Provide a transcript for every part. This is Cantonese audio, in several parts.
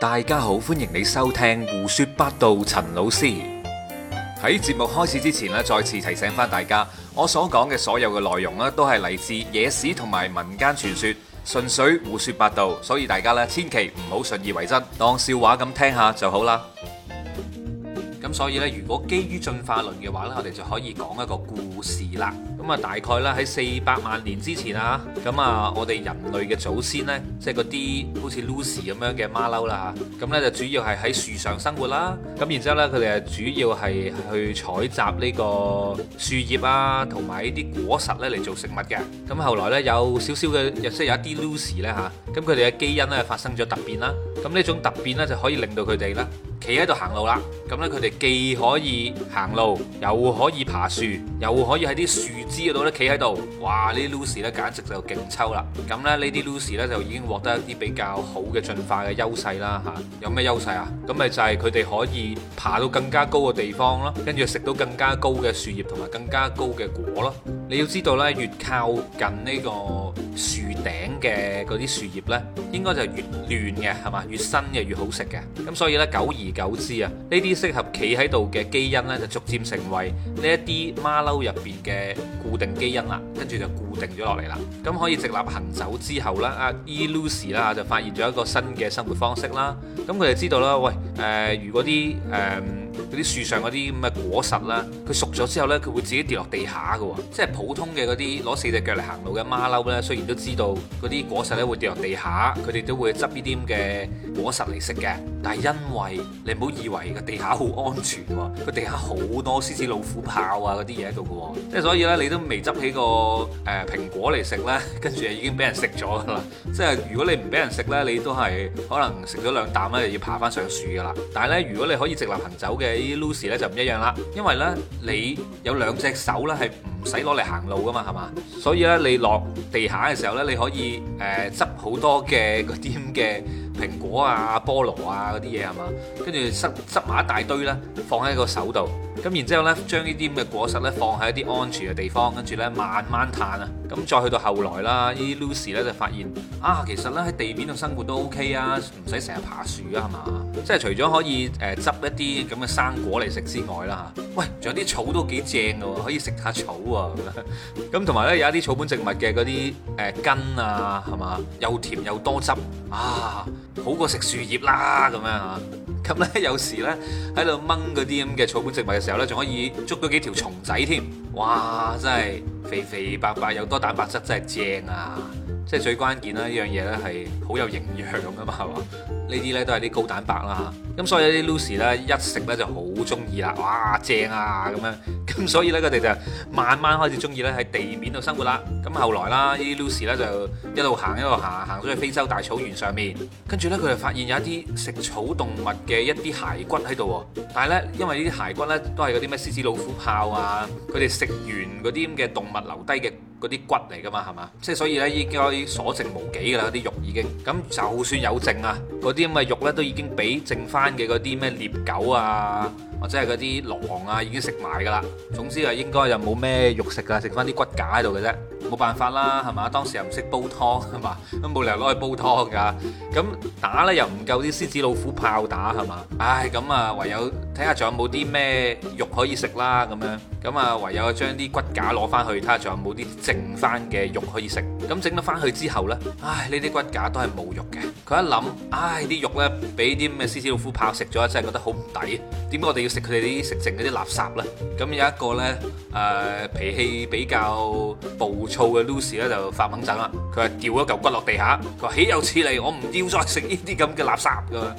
大家好，歡迎你收聽胡說八道。陳老師喺節目開始之前咧，再次提醒翻大家，我所講嘅所有嘅內容咧，都係嚟自野史同埋民間傳說，純粹胡說八道，所以大家咧千祈唔好信以為真，當笑話咁聽下就好啦。咁所以咧，如果基於進化論嘅話咧，我哋就可以講一個故事啦。咁啊，大概啦，喺四百萬年之前啊，咁啊，我哋人類嘅祖先咧，即係嗰啲好似 Lucy 咁樣嘅馬騮啦嚇，咁咧就主要係喺樹上生活啦。咁然之後咧，佢哋啊主要係去採集呢個樹葉啊，同埋啲果實咧嚟做食物嘅。咁後來咧，有少少嘅，亦即係有一啲 Lucy 咧吓，咁佢哋嘅基因咧發生咗突變啦。咁呢種突變咧就可以令到佢哋咧，企喺度行路啦。咁咧佢哋既可以行路，又可以爬樹，又可以喺啲樹。知到咧，企喺度，哇！呢啲 Lucy 咧，簡直就勁抽啦。咁咧，呢啲 Lucy 咧就已經獲得一啲比較好嘅進化嘅優勢啦。嚇、啊，有咩優勢啊？咁咪就係佢哋可以爬到更加高嘅地方咯，跟住食到更加高嘅樹葉同埋更加高嘅果咯。你要知道咧，越靠近呢個樹頂嘅嗰啲樹葉呢，應該就越嫩嘅，係嘛？越新嘅越好食嘅。咁所以呢，久而久之啊，呢啲適合企喺度嘅基因呢，就逐漸成為呢一啲馬騮入邊嘅固定基因啦，跟住就固定咗落嚟啦。咁可以直立行走之後咧，阿 E Lucy 啦就發現咗一個新嘅生活方式啦。咁佢就知道啦，喂，誒、呃，如果啲誒。呃嗰啲樹上嗰啲咁嘅果實啦，佢熟咗之後呢，佢會自己跌落地下嘅喎。即係普通嘅嗰啲攞四隻腳嚟行路嘅馬騮呢，雖然都知道嗰啲果實呢會跌落地下，佢哋都會執呢啲咁嘅果實嚟食嘅。但係因為你唔好以為個地下好安全喎，個地下好多獅子老虎豹啊嗰啲嘢喺度嘅喎，即係所以呢，你都未執起個誒蘋果嚟食呢，跟住已經俾人食咗㗎啦。即係如果你唔俾人食呢，你都係可能食咗兩啖呢，就要爬翻上樹嘅啦。但係呢，如果你可以直立行走嘅，喺 Lucy 咧就唔一樣啦，因為咧你有兩隻手咧係唔使攞嚟行路㗎嘛，係嘛？所以咧你落地下嘅時候咧，你可以誒執好多嘅嗰啲咁嘅。蘋果啊、菠蘿啊嗰啲嘢係嘛，跟住執執埋一大堆啦，放喺個手度，咁然之後呢，將呢啲咁嘅果實呢，放喺一啲安全嘅地方，跟住呢，慢慢嘆啊，咁再去到後來啦，呢啲 Lucy 呢就發現啊，其實呢，喺地面度生活都 OK 啊，唔使成日爬樹啊係嘛，即係除咗可以誒執、呃、一啲咁嘅生果嚟食之外啦吓、啊，喂，仲有啲草都幾正㗎喎，可以食下草啊，咁同埋呢，有一啲草本植物嘅嗰啲誒根啊係嘛，又甜又多汁啊！啊啊好過食樹葉啦咁樣嚇，咁、啊、咧有時咧，喺度掹嗰啲咁嘅草本植物嘅時候咧，仲可以捉到幾條蟲仔添，哇、啊！真係肥肥白白又多蛋白質，真係正啊！即係最關鍵啦！呢樣嘢呢係好有營養㗎嘛，係嘛？呢啲呢都係啲高蛋白啦。咁所以啲 Lucy 咧一食呢就好中意啦，哇，正啊咁樣。咁所以呢，佢哋就慢慢開始中意咧喺地面度生活啦。咁後來啦，呢啲 Lucy 咧就一路行一路行，行咗去非洲大草原上面。跟住呢，佢哋發現有一啲食草動物嘅一啲骸骨喺度。但係呢，因為啲骸骨呢都係嗰啲咩獅子老虎豹啊，佢哋食完嗰啲咁嘅動物留低嘅。.嗰啲骨嚟噶嘛，係嘛？即係所以呢，應該所剩無幾噶啦，啲肉已經咁，就算有剩啊，嗰啲咁嘅肉呢，都已經俾剩翻嘅嗰啲咩獵狗啊，或者係嗰啲狼啊已經食埋噶啦。總之啊，應該就冇咩肉食噶，剩翻啲骨架喺度嘅啫。冇辦法啦，係嘛？當時又唔識煲湯，係嘛？咁冇理由攞去煲湯㗎。咁打呢又唔夠啲獅子老虎炮打，係嘛？唉、哎，咁啊唯有睇下仲有冇啲咩肉可以食啦。咁樣咁啊唯有將啲骨架攞翻去睇下仲有冇啲剩翻嘅肉可以食。咁整得翻去之後呢，唉呢啲骨架都係冇肉嘅。佢一諗，唉、哎，啲肉呢，俾啲咩獅子老虎炮食咗，真係覺得好唔抵。點解我哋要食佢哋啲食剩嗰啲垃圾呢？咁有一個呢，誒、呃，脾氣比較暴躁。套嘅 Lucy 咧就發猛震啦！佢話掉一嚿骨落地下，佢話豈有此理！我唔要再食呢啲咁嘅垃圾㗎。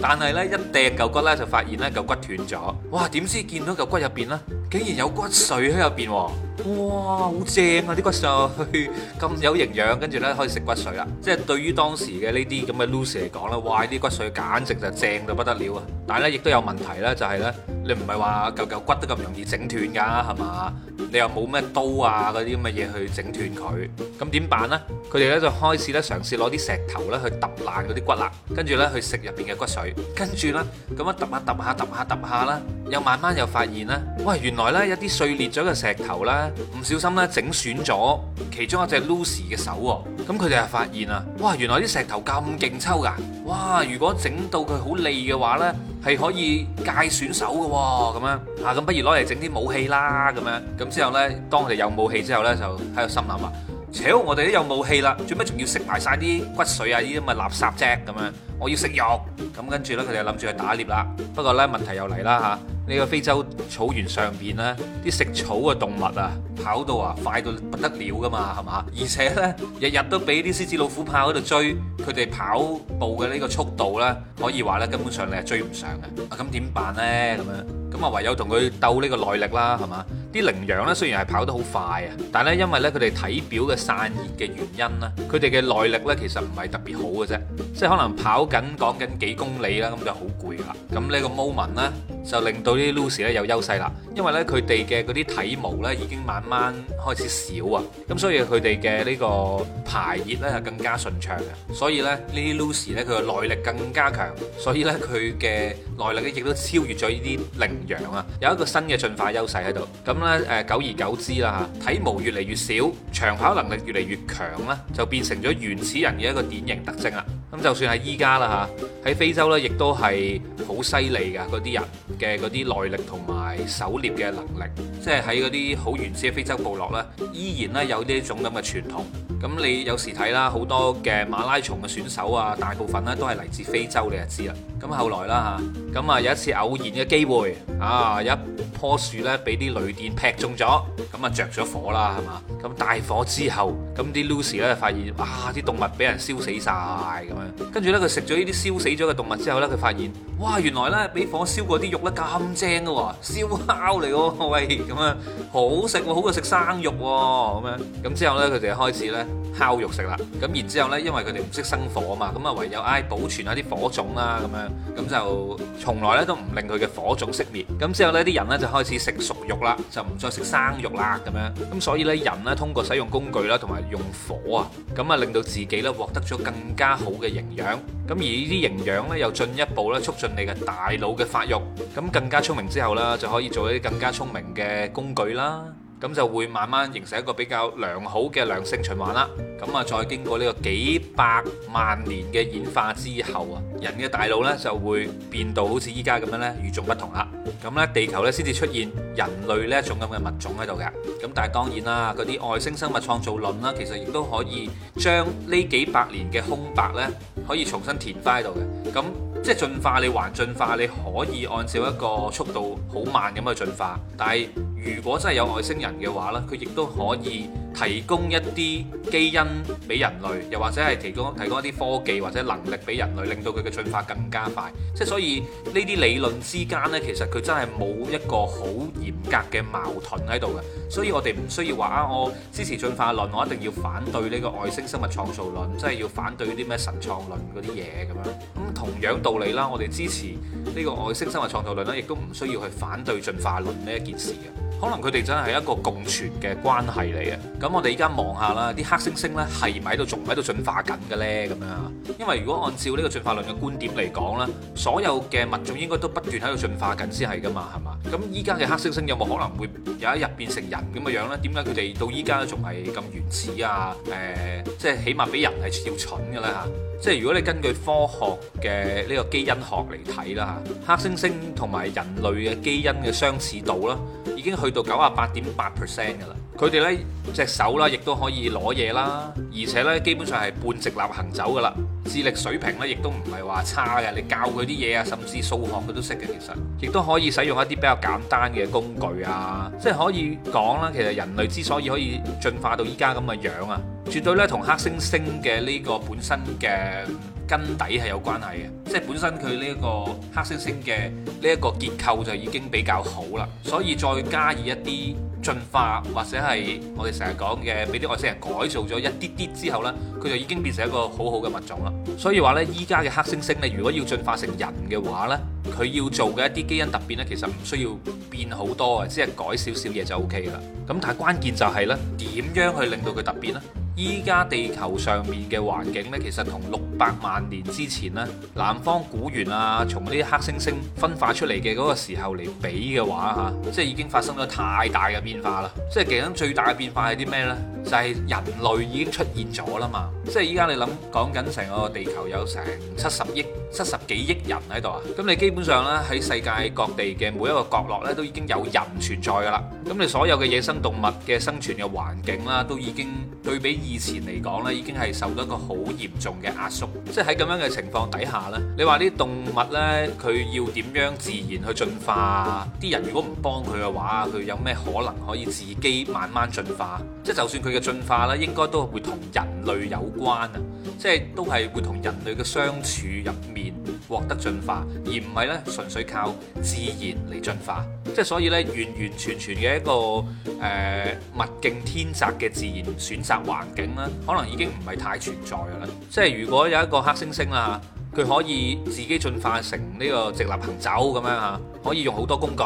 但係咧一掟嚿骨咧就發現咧嚿骨斷咗。哇！點知見到嚿骨入邊咧？竟然有骨髓喺入邊喎，哇，好正啊！啲骨髓咁有營養，跟住呢，可以食骨髓啦。即係對於當時嘅呢啲咁嘅 Lucy 嚟講啦，哇！啲骨髓簡直就正到不得了啊！但係咧亦都有問題咧，就係呢，你唔係話嚿嚿骨都咁容易整斷㗎係嘛？你又冇咩刀啊嗰啲咁嘅嘢去整斷佢，咁點辦呢？佢哋呢，就開始呢，嘗試攞啲石頭呢，去揼爛嗰啲骨啦，跟住呢，去食入邊嘅骨髓，跟住呢，咁樣揼下揼下揼下揼下啦。又慢慢又發現咧，喂，原來咧有啲碎裂咗嘅石頭啦，唔小心咧整損咗其中一隻 Lucy 嘅手喎。咁佢哋又發現啊，哇，原來啲石頭咁勁抽噶，哇！如果整到佢好利嘅話咧，係可以界損手嘅喎。咁樣啊，咁不如攞嚟整啲武器啦。咁樣咁之後咧，當佢哋有武器之後咧，就喺度心諗話，唓，我哋都有武器啦，做咩仲要食埋曬啲骨髓啊！依啲咁嘅垃圾啫。咁樣我要食肉。咁跟住咧，佢哋諗住去打獵啦。不過咧，問題又嚟啦嚇。呢個非洲草原上邊呢啲食草嘅動物啊，跑到啊快到不得了噶嘛，係嘛？而且呢，日日都俾啲獅子老虎跑喺度追，佢哋跑步嘅呢個速度呢，可以話呢根本上你係追唔上嘅。咁、啊、點辦呢？咁樣咁啊，唯有同佢鬥呢個耐力啦，係嘛？啲羚羊呢，雖然係跑得好快啊，但係咧因為呢，佢哋體表嘅散熱嘅原因咧，佢哋嘅耐力呢，其實唔係特別好嘅啫，即係可能跑緊講緊幾公里啦，咁就好攰啦。咁呢個 moment 呢。就令到呢啲 Lucy 咧有優勢啦，因為咧佢哋嘅嗰啲體毛咧已經慢慢開始少啊，咁所以佢哋嘅呢個排熱咧係更加順暢嘅，所以咧呢啲 Lucy 咧佢嘅耐力更加強，所以咧佢嘅耐力咧亦都超越咗呢啲羚羊啊，有一個新嘅進化優勢喺度。咁咧誒，久而久之啦嚇，體毛越嚟越少，長跑能力越嚟越強啦，就變成咗原始人嘅一個典型特徵啦。咁就算係依家啦嚇，喺非洲呢亦都係好犀利嘅嗰啲人嘅嗰啲耐力同埋狩獵嘅能力，即係喺嗰啲好原始嘅非洲部落呢，依然呢有呢種咁嘅傳統。咁你有時睇啦，好多嘅馬拉松嘅選手啊，大部分呢都係嚟自非洲自，你就知啦。咁後來啦嚇，咁啊有一次偶然嘅機會啊，有一樖樹咧俾啲雷電劈中咗，咁啊着咗火啦係嘛？咁大火之後，咁啲 Lucy 咧發現哇，啲動物俾人燒死晒咁樣，跟住咧佢食咗呢啲燒死咗嘅動物之後咧，佢發現哇，原來咧俾火燒過啲肉咧咁正嘅喎，燒烤嚟喎喂，咁樣好食喎，好過食生肉喎咁樣，咁之後咧佢哋開始咧烤肉食啦，咁然之後咧因為佢哋唔識生火啊嘛，咁啊唯有唉保存下啲火種啦咁樣。咁就從來咧都唔令佢嘅火種熄滅，滅，咁之後呢啲人呢，就開始食熟肉啦，就唔再食生肉啦咁樣。咁所以呢，人呢通過使用工具啦，同埋用火啊，咁啊令到自己呢獲得咗更加好嘅營養。咁而呢啲營養呢，又進一步呢促進你嘅大腦嘅發育，咁更加聰明之後呢，就可以做一啲更加聰明嘅工具啦。咁就會慢慢形成一個比較良好嘅良性循環啦。咁啊，再經過呢個幾百萬年嘅演化之後啊，人嘅大腦呢就會變到好似依家咁樣呢，與眾不同啦。咁呢，地球呢先至出現人類呢一種咁嘅物種喺度嘅。咁但係當然啦，嗰啲外星生物創造論啦，其實亦都可以將呢幾百年嘅空白呢可以重新填翻喺度嘅。咁即係進化，你還進化，你可以按照一個速度好慢咁去進化，但係。如果真係有外星人嘅話呢，佢亦都可以提供一啲基因俾人類，又或者係提供提供一啲科技或者能力俾人類，令到佢嘅進化更加快。即係所以呢啲理論之間呢，其實佢真係冇一個好嚴格嘅矛盾喺度嘅。所以我哋唔需要話啊，我支持進化論，我一定要反對呢個外星生物創造論，即係要反對啲咩神創論嗰啲嘢咁樣。咁同樣道理啦，我哋支持呢個外星生物創造論呢，亦都唔需要去反對進化論呢一件事嘅。可能佢哋真係一個共存嘅關係嚟嘅，咁我哋依家望下啦，啲黑猩猩呢係咪喺度仲喺度進化緊嘅呢？咁樣，因為如果按照呢個進化論嘅觀點嚟講啦，所有嘅物種應該都不斷喺度進化緊先係噶嘛，係嘛？咁依家嘅黑猩猩有冇可能會有一日變成人咁嘅樣呢？點解佢哋到依家仲係咁原始啊？誒、呃，即係起碼比人係超蠢嘅咧嚇。即係如果你根據科學嘅呢個基因學嚟睇啦嚇，黑猩猩同埋人類嘅基因嘅相似度啦，已經去到九十八點八 percent 㗎啦。佢哋呢隻手啦，亦都可以攞嘢啦，而且呢基本上係半直立行走㗎啦。智力水平咧，亦都唔係話差嘅。你教佢啲嘢啊，甚至數學佢都識嘅。其實，亦都可以使用一啲比較簡單嘅工具啊。即係可以講啦，其實人類之所以可以進化到依家咁嘅樣啊，絕對咧同黑猩猩嘅呢個本身嘅根底係有關係嘅，即係本身佢呢一個黑猩猩嘅呢一個結構就已經比較好啦，所以再加以一啲進化或者係我哋成日講嘅，俾啲外星人改造咗一啲啲之後呢，佢就已經變成一個好好嘅物種啦。所以話呢，依家嘅黑猩猩呢，如果要進化成人嘅話呢，佢要做嘅一啲基因突變呢，其實唔需要變好多啊，只係改少少嘢就 OK 啦。咁但係關鍵就係呢，點樣去令到佢突變呢？依家地球上面嘅環境呢，其實同六百萬年之前呢，南方古猿啊，從呢啲黑猩猩分化出嚟嘅嗰個時候嚟比嘅話嚇、啊，即係已經發生咗太大嘅變化啦！即係其中最大嘅變化係啲咩呢？就係、是、人類已經出現咗啦嘛！即係依家你諗講緊成個地球有成七十億、七十幾億人喺度啊！咁你基本上呢，喺世界各地嘅每一個角落呢，都已經有人存在噶啦！咁你所有嘅野生動物嘅生存嘅環境啦，都已經對比以前嚟講咧，已經係受到一個好嚴重嘅壓縮，即係喺咁樣嘅情況底下咧，你話啲動物咧，佢要點樣自然去進化？啲人如果唔幫佢嘅話，佢有咩可能可以自己慢慢進化？即係就算佢嘅進化咧，應該都會同人類有關啊，即係都係會同人類嘅相處入面。獲得進化，而唔係呢，純粹靠自然嚟進化，即係所以呢，完完全全嘅一個誒、呃、物競天擇嘅自然選擇環境啦，可能已經唔係太存在㗎喇。即係如果有一個黑猩猩啦，佢可以自己進化成呢個直立行走咁樣嚇。可以用好多工具，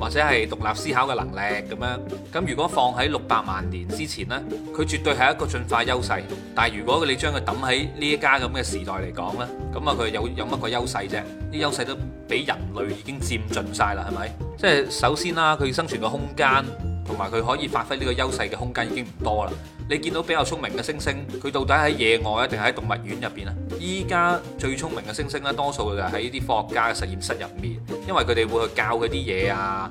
或者係獨立思考嘅能力咁樣。咁如果放喺六百萬年之前呢，佢絕對係一個進化優勢。但係如果你將佢抌喺呢一家咁嘅時代嚟講呢，咁啊佢有有乜個優勢啫？啲優勢都俾人類已經佔盡晒啦，係咪？即係首先啦，佢生存嘅空間同埋佢可以發揮呢個優勢嘅空間已經唔多啦。你見到比較聰明嘅猩猩，佢到底喺野外啊，定喺動物園入邊啊？依家最聰明嘅猩猩咧，多數就係喺啲科學家嘅實驗室入面，因為佢哋會去教佢啲嘢啊。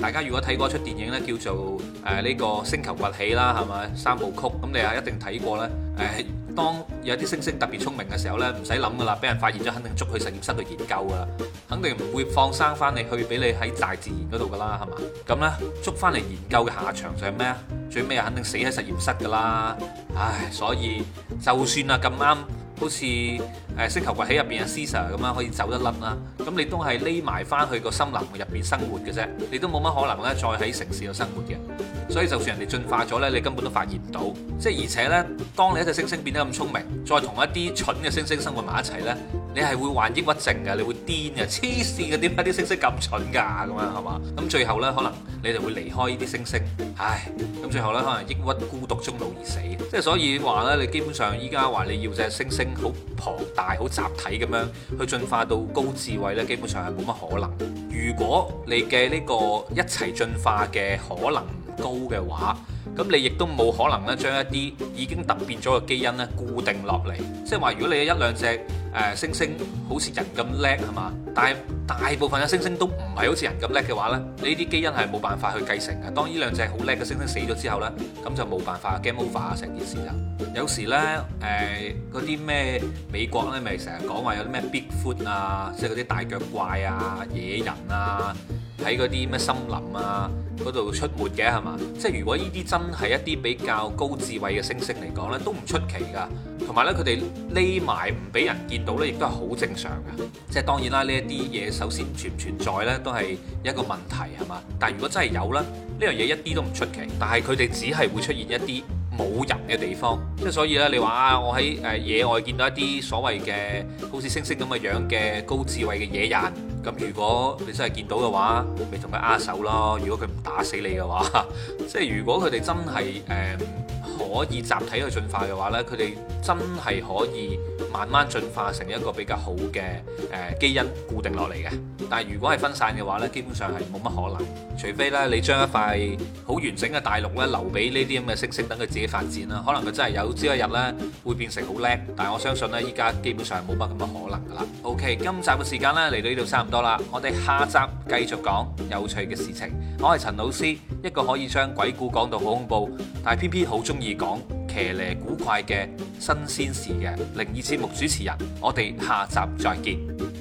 大家如果睇過一出電影呢，叫做誒呢、呃呢個星球崛起啦，係咪？三部曲，咁你啊一定睇過咧。誒、呃，當有啲猩猩特別聰明嘅時候呢，唔使諗噶啦，俾人發現咗，肯定捉去實驗室度研究噶啦，肯定唔會放生翻你去俾你喺大自然嗰度噶啦，係嘛。咁呢，捉翻嚟研究嘅下場就係咩啊？最尾肯定死喺實驗室噶啦。唉，所以就算啊咁啱。好似誒星球崛起入邊嘅 Caesar 咁樣，可以走得甩啦。咁、啊、你都係匿埋翻去個森林入邊生活嘅啫，你都冇乜可能咧，再喺城市度生活嘅。所以就算人哋進化咗呢，你根本都發現唔到。即係而且呢，當你一隻猩猩變得咁聰明，再同一啲蠢嘅猩猩生活埋一齊呢。你係會患抑鬱症嘅，你會癲嘅，黐線嘅，點解啲猩猩咁蠢㗎咁啊？係嘛？咁最後呢，可能你哋會離開呢啲猩猩。唉，咁最後呢，可能抑鬱、孤獨、終老而死。即係所以話呢，你基本上依家話你要隻猩猩好龐大、好集體咁樣去進化到高智慧呢，基本上係冇乜可能。如果你嘅呢個一齊進化嘅可能。高嘅話，咁你亦都冇可能咧，將一啲已經突變咗嘅基因咧，固定落嚟。即係話，如果你有一兩隻誒猩猩好似人咁叻係嘛？但係大部分嘅猩猩都唔係好似人咁叻嘅話咧，呢啲基因係冇辦法去繼承嘅。當呢兩隻好叻嘅猩猩死咗之後咧，咁就冇辦法，game over 成件事啦。有時咧，誒嗰啲咩美國咧咪成日講話有啲咩 Bigfoot 啊，即係嗰啲大腳怪啊、野人啊。喺嗰啲咩森林啊嗰度出沒嘅係嘛？即係如果呢啲真係一啲比較高智慧嘅星星嚟講呢，都唔出奇㗎。同埋呢，佢哋匿埋唔俾人見到呢，亦都係好正常㗎。即係當然啦，呢一啲嘢首先存唔存在呢，都係一個問題，係嘛？但係如果真係有啦，呢樣嘢一啲都唔出奇。但係佢哋只係會出現一啲。冇人嘅地方，即係所以咧，你話啊，我喺誒野外見到一啲所謂嘅好似星星咁嘅樣嘅高智慧嘅野人，咁如果你真係見到嘅話，咪同佢握手咯。如果佢唔打死你嘅話，即係如果佢哋真係誒、呃、可以集體去進化嘅話呢，佢哋真係可以。慢慢進化成一個比較好嘅誒、呃、基因固定落嚟嘅，但係如果係分散嘅話咧，基本上係冇乜可能，除非咧你將一塊好完整嘅大陸咧留俾呢啲咁嘅猩猩等佢自己發展啦，可能佢真係有朝一日咧會變成好叻，但係我相信呢，依家基本上冇乜咁嘅可能㗎啦。OK，今集嘅時間咧嚟到呢度差唔多啦，我哋下集繼續講有趣嘅事情。我係陳老師，一個可以將鬼故講到好恐怖，但係偏偏好中意講騎呢古怪嘅新鮮事嘅靈異節目主持人，我哋下集再見。